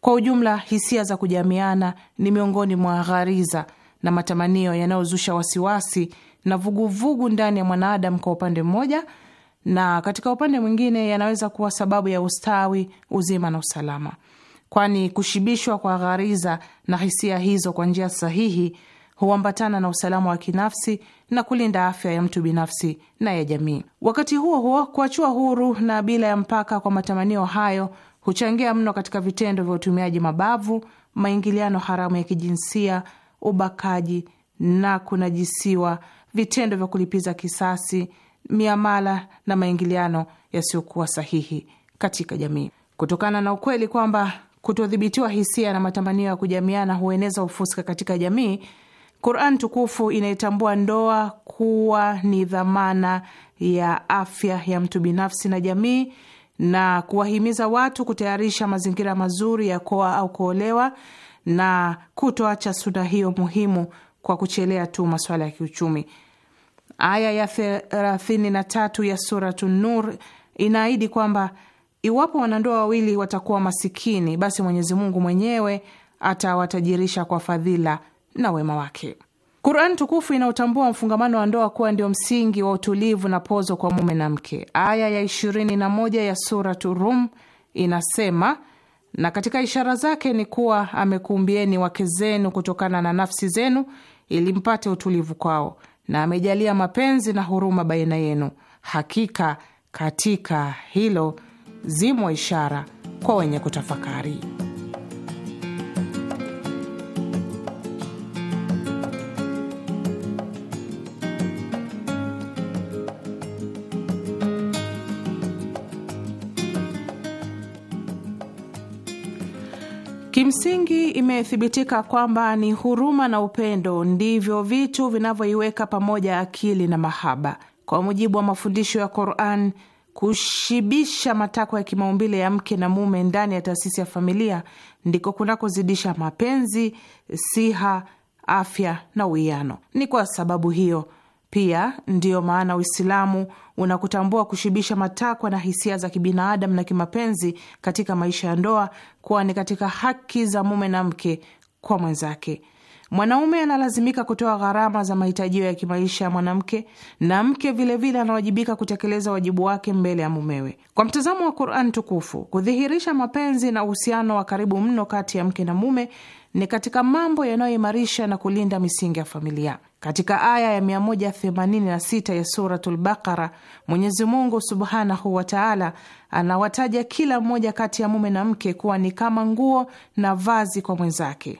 Kwa ujumla, hisia za kujamiana ni miongoni mwa ghariza na matamanio yanayozusha wasiwasi na vuguvugu ndani ya mwanadamu kwa upande mmoja, na katika upande mwingine yanaweza kuwa sababu ya ustawi, uzima na usalama, kwani kushibishwa kwa ghariza na hisia hizo kwa njia sahihi huambatana na usalama wa kinafsi na kulinda afya ya mtu binafsi na ya jamii. Wakati huo huo, kuachua huru na bila ya mpaka kwa matamanio hayo huchangia mno katika vitendo vya utumiaji mabavu, maingiliano haramu ya kijinsia, ubakaji na kunajisiwa, vitendo vya kulipiza kisasi, miamala na maingiliano yasiyokuwa sahihi katika jamii, kutokana na ukweli kwamba kutodhibitiwa hisia na matamanio ya kujamiana hueneza ufuska katika jamii. Quran tukufu inaitambua ndoa kuwa ni dhamana ya afya ya mtu binafsi na jamii na kuwahimiza watu kutayarisha mazingira mazuri ya kuoa au kuolewa na kutoacha suna hiyo muhimu kwa kuchelea tu masuala ya kiuchumi. Aya ya thelathini na tatu ya Suratu Nur inaahidi kwamba iwapo wanandoa wawili watakuwa masikini, basi Mwenyezi Mungu mwenyewe atawatajirisha kwa fadhila na wema wake. Qur'an tukufu inautambua mfungamano wa ndoa kuwa ndio msingi wa utulivu na pozo kwa mume na mke. Aya ya 21 ya suratu Rum inasema, na katika ishara zake ni kuwa amekuumbieni wake zenu kutokana na nafsi zenu ili mpate utulivu kwao, na amejalia mapenzi na huruma baina yenu. Hakika katika hilo zimo ishara kwa wenye kutafakari. Kimsingi imethibitika kwamba ni huruma na upendo ndivyo vitu vinavyoiweka pamoja akili na mahaba. Kwa mujibu wa mafundisho ya Qur'an, kushibisha matakwa ya kimaumbile ya mke na mume ndani ya taasisi ya familia ndiko kunakozidisha mapenzi, siha, afya na uwiano. Ni kwa sababu hiyo pia ndiyo maana Uislamu unakutambua kushibisha matakwa na hisia za kibinadamu na kimapenzi katika maisha ya ndoa kuwa ni katika haki za mume na mke kwa mwenzake. Mwanaume analazimika kutoa gharama za mahitajio ya kimaisha ya mwanamke na mke vilevile anawajibika kutekeleza wajibu wake mbele ya mumewe. Kwa mtazamo wa Qur'an tukufu, kudhihirisha mapenzi na uhusiano wa karibu mno kati ya mke na mume ni katika mambo yanayoimarisha na kulinda misingi ya familia. Katika aya ya 186 ya Suratul Baqara, Mwenyezi Mungu subhanahu wa taala anawataja kila mmoja kati ya mume na mke kuwa ni kama nguo na vazi kwa mwenzake.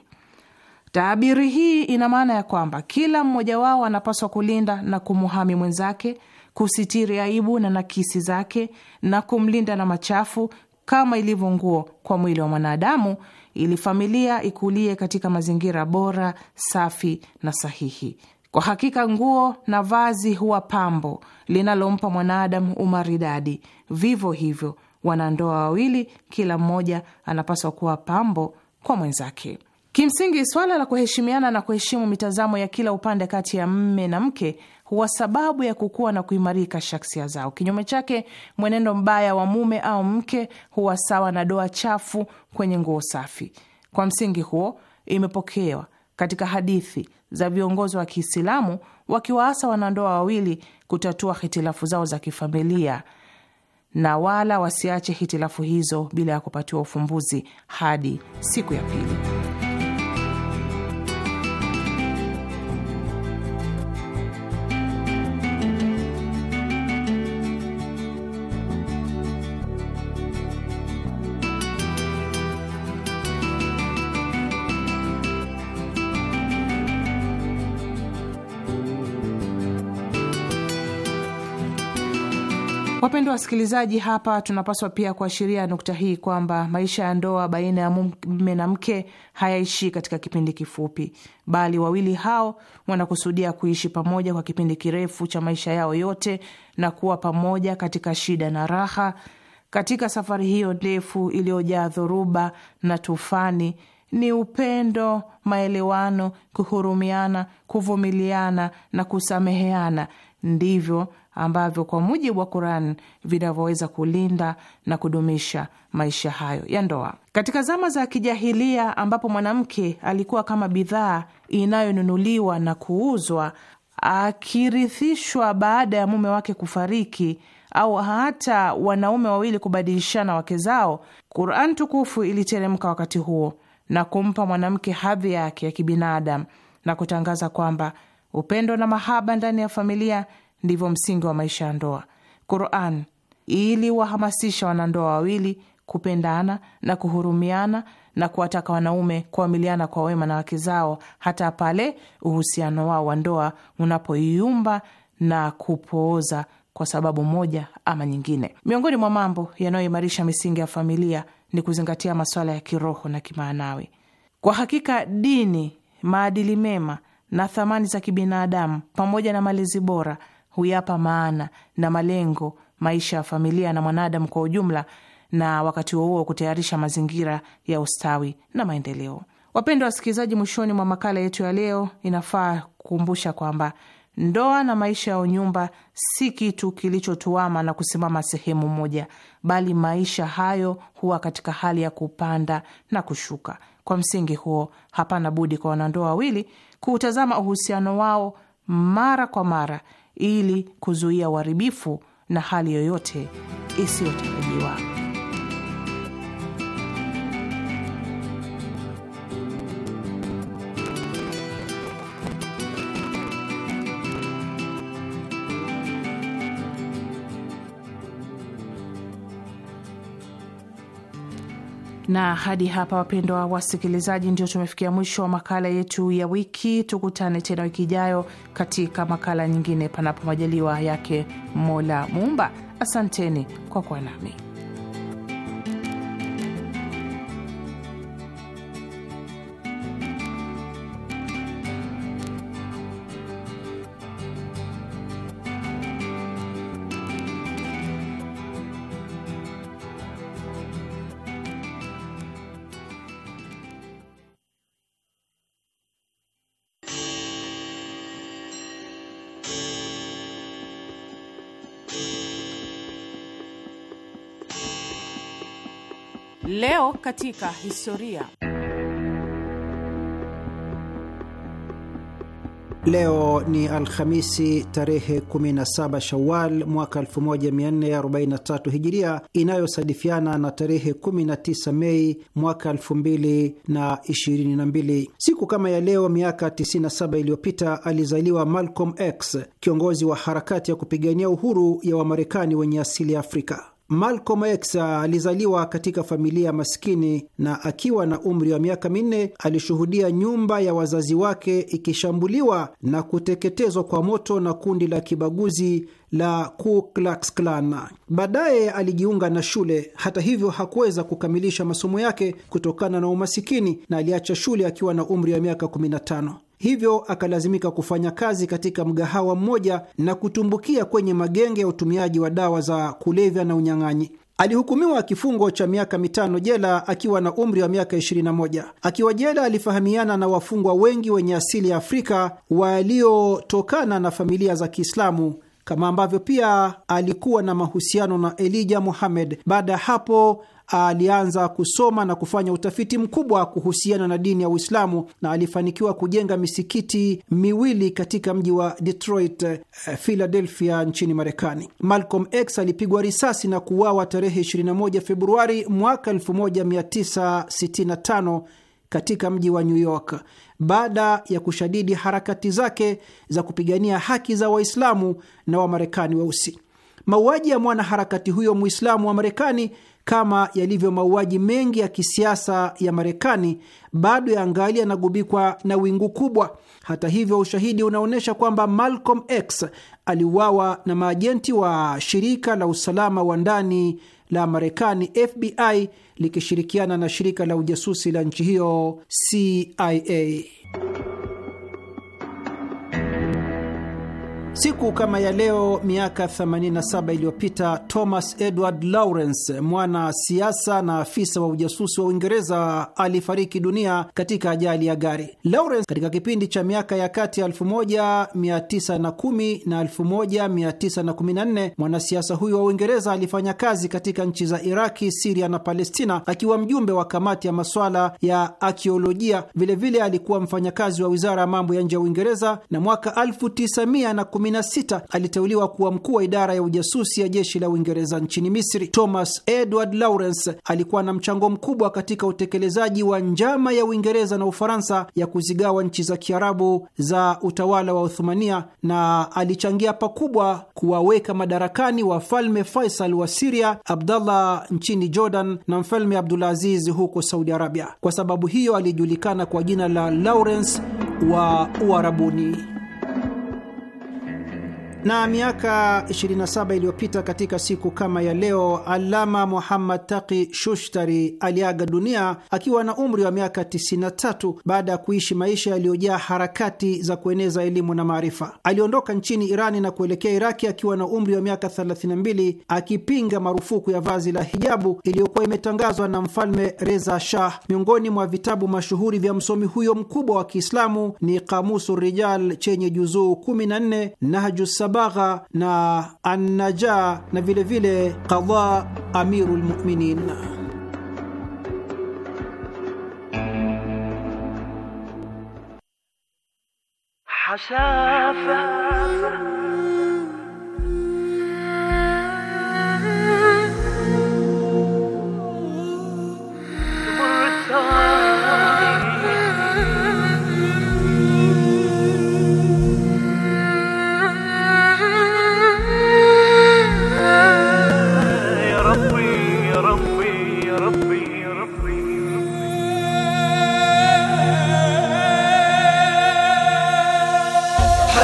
Taabiri hii ina maana ya kwamba kila mmoja wao anapaswa kulinda na kumuhami mwenzake, kusitiri aibu na nakisi zake, na kumlinda na machafu kama ilivyo nguo kwa mwili wa mwanadamu ili familia ikulie katika mazingira bora, safi na sahihi. Kwa hakika nguo na vazi huwa pambo linalompa mwanadamu umaridadi. Vivyo hivyo, wanandoa wawili, kila mmoja anapaswa kuwa pambo kwa mwenzake. Kimsingi, swala la kuheshimiana na kuheshimu mitazamo ya kila upande kati ya mme na mke huwa sababu ya kukua na kuimarika shaksia zao. Kinyume chake, mwenendo mbaya wa mume au mke huwa sawa na doa chafu kwenye nguo safi. Kwa msingi huo, imepokewa katika hadithi za viongozi wa Kiislamu wakiwaasa wanandoa wawili kutatua hitilafu zao za kifamilia na wala wasiache hitilafu hizo bila ya kupatiwa ufumbuzi hadi siku ya pili. Wapendwa wasikilizaji, hapa tunapaswa pia kuashiria nukta hii kwamba maisha ya ndoa baina ya mume na mke hayaishi katika kipindi kifupi, bali wawili hao wanakusudia kuishi pamoja kwa kipindi kirefu cha maisha yao yote na kuwa pamoja katika shida na raha, katika safari hiyo ndefu iliyojaa dhoruba na tufani. Ni upendo, maelewano, kuhurumiana, kuvumiliana na kusameheana ndivyo ambavyo kwa mujibu wa Quran vinavyoweza kulinda na kudumisha maisha hayo ya ndoa. Katika zama za kijahilia, ambapo mwanamke alikuwa kama bidhaa inayonunuliwa na kuuzwa, akirithishwa baada ya mume wake kufariki au hata wanaume wawili kubadilishana wake zao, Quran tukufu iliteremka wakati huo na kumpa mwanamke hadhi yake ya kibinadamu na kutangaza kwamba Upendo na mahaba ndani ya familia ndivyo msingi wa maisha ya ndoa. Quran ili wahamasisha wanandoa wawili kupendana na kuhurumiana na kuwataka wanaume kuamiliana kwa wema na wake zao hata pale uhusiano wao wa ndoa unapoyumba na kupooza kwa sababu moja ama nyingine. Miongoni mwa mambo yanayoimarisha misingi ya familia ni kuzingatia masuala ya kiroho na kimaanawi. Kwa hakika, dini, maadili mema na thamani za kibinadamu pamoja na malezi bora huyapa maana na malengo maisha ya familia na mwanadamu kwa ujumla, na wakati huo kutayarisha mazingira ya ustawi na maendeleo. Wapendwa wasikilizaji, mwishoni mwa makala yetu ya leo, inafaa kukumbusha kwamba ndoa na maisha ya unyumba si kitu kilichotuama na kusimama sehemu moja, bali maisha hayo huwa katika hali ya kupanda na kushuka. Kwa msingi huo, hapana budi kwa wanandoa wawili kuutazama uhusiano wao mara kwa mara ili kuzuia uharibifu na hali yoyote isiyotarajiwa. Na hadi hapa, wapendwa wasikilizaji, ndio tumefikia mwisho wa makala yetu ya wiki. Tukutane tena wiki ijayo katika makala nyingine, panapo majaliwa yake Mola Muumba. Asanteni kwa kuwa nami. Leo katika historia. Leo ni Alhamisi tarehe 17 Shawal mwaka 1443 Hijiria, inayosadifiana na tarehe 19 Mei mwaka 2022. Siku kama ya leo miaka 97 iliyopita alizaliwa Malcolm X, kiongozi wa harakati ya kupigania uhuru ya Wamarekani wenye asili ya Afrika. Malcolm X alizaliwa katika familia maskini na akiwa na umri wa miaka minne alishuhudia nyumba ya wazazi wake ikishambuliwa na kuteketezwa kwa moto na kundi la kibaguzi la Ku Klux Klan. Baadaye alijiunga na shule. Hata hivyo, hakuweza kukamilisha masomo yake kutokana na umasikini na aliacha shule akiwa na umri wa miaka 15 hivyo akalazimika kufanya kazi katika mgahawa mmoja na kutumbukia kwenye magenge ya utumiaji wa dawa za kulevya na unyang'anyi. Alihukumiwa kifungo cha miaka mitano jela akiwa na umri wa miaka 21. Akiwa jela, alifahamiana na wafungwa wengi wenye asili ya Afrika waliotokana na familia za Kiislamu, kama ambavyo pia alikuwa na mahusiano na Elija Muhamed. Baada ya hapo alianza kusoma na kufanya utafiti mkubwa kuhusiana na dini ya Uislamu na alifanikiwa kujenga misikiti miwili katika mji wa Detroit, eh, Philadelphia nchini Marekani. Malcolm X alipigwa risasi na kuuawa tarehe 21 Februari mwaka 1965 katika mji wa New York baada ya kushadidi harakati zake za kupigania haki za Waislamu na Wamarekani weusi. Mauaji ya mwanaharakati huyo Muislamu wa Marekani kama yalivyo mauaji mengi ya kisiasa ya Marekani, bado ya ngali yanagubikwa na wingu kubwa. Hata hivyo, ushahidi unaonyesha kwamba Malcolm X aliuawa na maajenti wa shirika la usalama wa ndani la Marekani FBI likishirikiana na shirika la ujasusi la nchi hiyo CIA. Siku kama ya leo miaka 87 iliyopita Thomas Edward Lawrence, mwana siasa na afisa wa ujasusi wa Uingereza, alifariki dunia katika ajali ya gari. Lawrence katika kipindi cha miaka ya kati ya 1910 na 1914, mwanasiasa huyo wa Uingereza alifanya kazi katika nchi za Iraki, Siria na Palestina akiwa mjumbe wa kamati ya maswala ya akiolojia. Vilevile alikuwa mfanyakazi wa wizara ya mambo ya nje ya Uingereza na mwaka 1910 16 aliteuliwa kuwa mkuu wa idara ya ujasusi ya jeshi la Uingereza nchini Misri. Thomas Edward Lawrence alikuwa na mchango mkubwa katika utekelezaji wa njama ya Uingereza na Ufaransa ya kuzigawa nchi za Kiarabu za utawala wa Uthumania na alichangia pakubwa kuwaweka madarakani wafalme Faisal wa Siria, Abdallah nchini Jordan na mfalme Abdulaziz huko Saudi Arabia. Kwa sababu hiyo alijulikana kwa jina la Lawrence wa Uarabuni. Na miaka 27 iliyopita katika siku kama ya leo, Alama Muhammad Taqi Shushtari aliaga dunia akiwa na umri wa miaka 93 baada ya kuishi maisha yaliyojaa harakati za kueneza elimu na maarifa. Aliondoka nchini Irani na kuelekea Iraki akiwa na umri wa miaka 32 akipinga marufuku ya vazi la hijabu iliyokuwa imetangazwa na Mfalme Reza Shah. Miongoni mwa vitabu mashuhuri vya msomi huyo mkubwa wa Kiislamu ni Kamusu Rijal chenye juzuu 14 Nahju Sabagha na Annaja na vilevile Qadha Amirul Muminin. Hashafa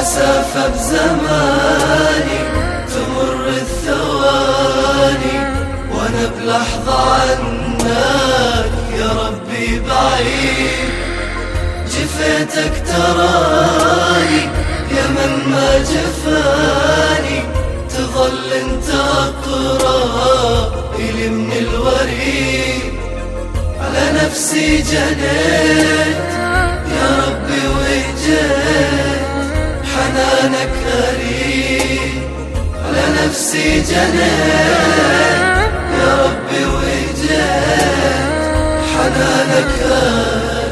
مسافة بزماني تمر الثواني وانا بلحظة عنك يا ربي بعيد جفيتك تراني يا من ما جفاني تظل انت اقرب الي من الوريد على نفسي جنيت يا ربي وجيت مكانك غريب على نفسي جنيت يا ربي وإجيت حنانك غريب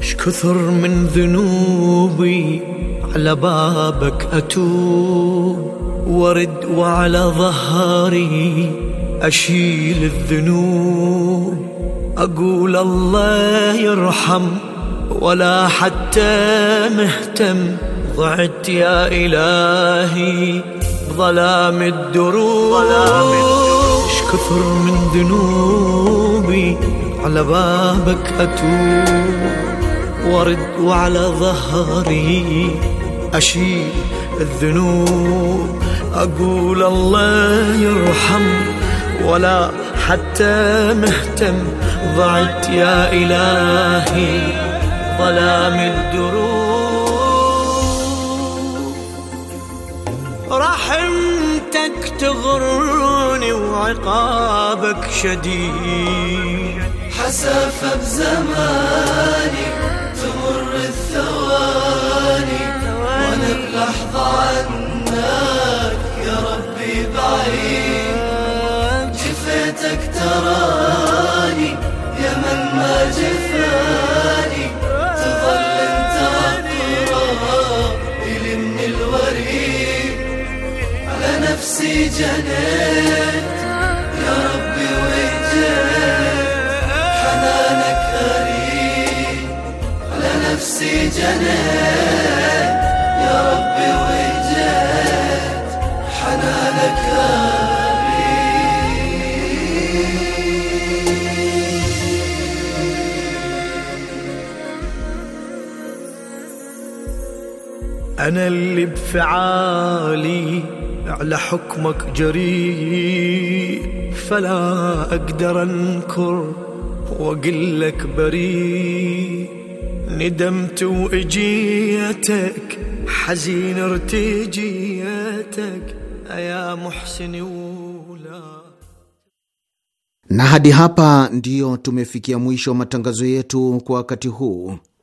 شكثر من ذنوبي على بابك أتوب ورد وعلى ظهري أشيل الذنوب أقول الله يرحم ولا حتى مهتم ضعت يا إلهي بظلام الدروب ايش كثر من ذنوبي على بابك أتوب وارد وعلى ظهري أشيل الذنوب أقول الله يرحم ولا حتى مهتم ضعت يا إلهي ظلام الدروب رحمتك تغرني وعقابك شديد حسافة بزماني تمر الثواني وانا بلحظة عنك يا ربي بعيد جئتك تراني يا من ما جفاني تظل انت اقرب من الوريد على نفسي جنيت يا ربي وجيت غريب على نفسي جنيت أنا اللي بفعالي على حكمك جريء فلا أقدر أنكر وأقول لك بريء ندمت وإجيتك حزين ارتجيتك يا محسن ولا na hadi hapa ndiyo tumefikia mwisho wa matangazo yetu kwa wakati huu.